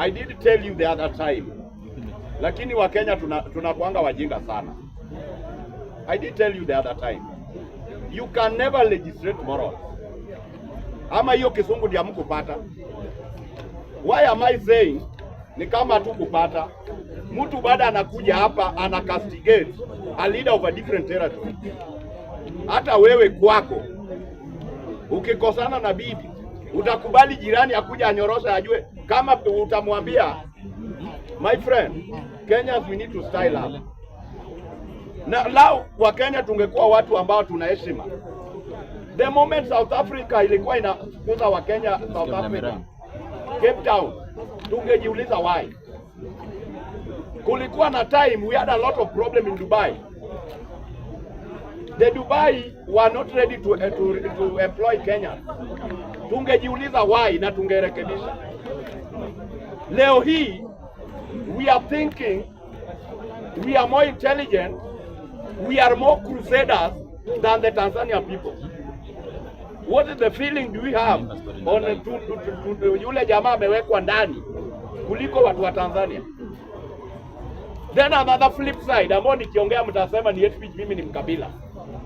I did tell you the other time, lakini Wakenya tunakuanga tuna wajinga sana. I did tell you the other time, you can never legislate moral. Ama hiyo kisungu ndio mkupata. Why am I saying ni kama tu kupata mtu baada anakuja hapa ana castigate a leader of a different territory. Hata wewe kwako ukikosana na bibi Utakubali jirani akuja anyorosha, ajue kama utamwambia my friend, Kenya we need to style up. Na lao wa Kenya tungekuwa watu ambao tunaheshima. The moment South Africa ilikuwa inafukuza wa Kenya South Africa Cape Town, tungejiuliza why. Kulikuwa na time we had a lot of problem in Dubai. The Dubai were not ready to, uh, to, to employ Kenya tungejiuliza why na tungerekebisha. Leo hii we are thinking we are more intelligent we are more crusaders than the Tanzania people. What is the feeling do we have on yule jamaa amewekwa ndani kuliko watu wa Tanzania? Then another flip side ambao nikiongea mtasema ni eti mimi ni mkabila.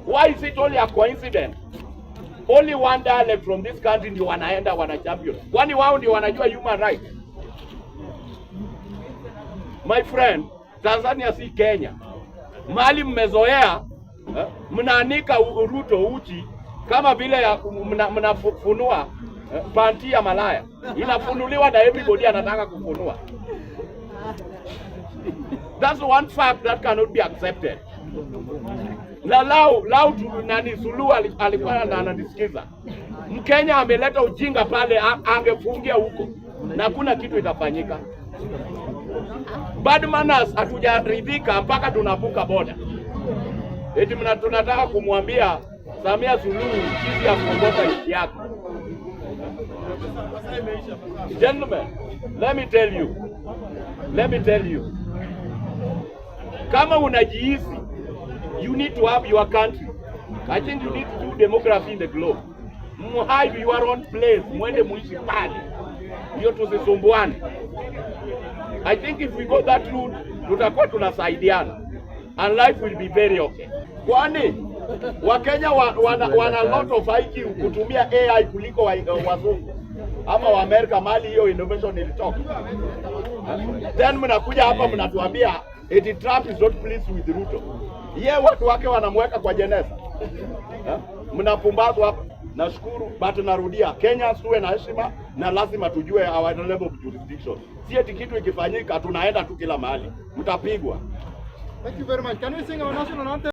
Why is it only a coincidence? only one dialect from this country ndio wanaenda wana champion, kwani wao ndio wanajua human rights. My friend, Tanzania si Kenya. Mali mmezoea eh, mnaanika Ruto uchi kama vile mnafunua mna eh, panti ya malaya inafunuliwa na everybody anataka kufunua. That's one fact that cannot be accepted na lau lau nani Suluhu alikuwa na ananisikiza, Mkenya ameleta ujinga pale, angefungia huko na kuna kitu itafanyika. Bad manners hatujaridhika mpaka tunavuka boda, eti tunataka kumwambia Samia Suluhu jinsi ya kuongoza nchi yako. Gentlemen, let me tell you, let me tell you, kama unajihisi You need to have your country. I think you need to do demography in the globe. Muhave your own place, mwende muishi pale, hiyo tusisumbuane. I think if we go that route tutakuwa tunasaidiana and life will be very okay. Kwani Wakenya wa, wana, wana lot of IQ kutumia AI kuliko eh, wazungu wa ama wa Waamerika mali hiyo innovation ilitoka. Then mnakuja hapa mnatuambia Eti Trump is not pleased with Ruto. Ye watu wake wanamweka kwa jeneza. Mnapumbazwa hapa. Nashukuru but narudia, Kenya tuwe na heshima na lazima tujue our level of jurisdiction. Si eti kitu ikifanyika tunaenda tu kila mahali, mtapigwa. Thank you very much. Can we sing our national anthem?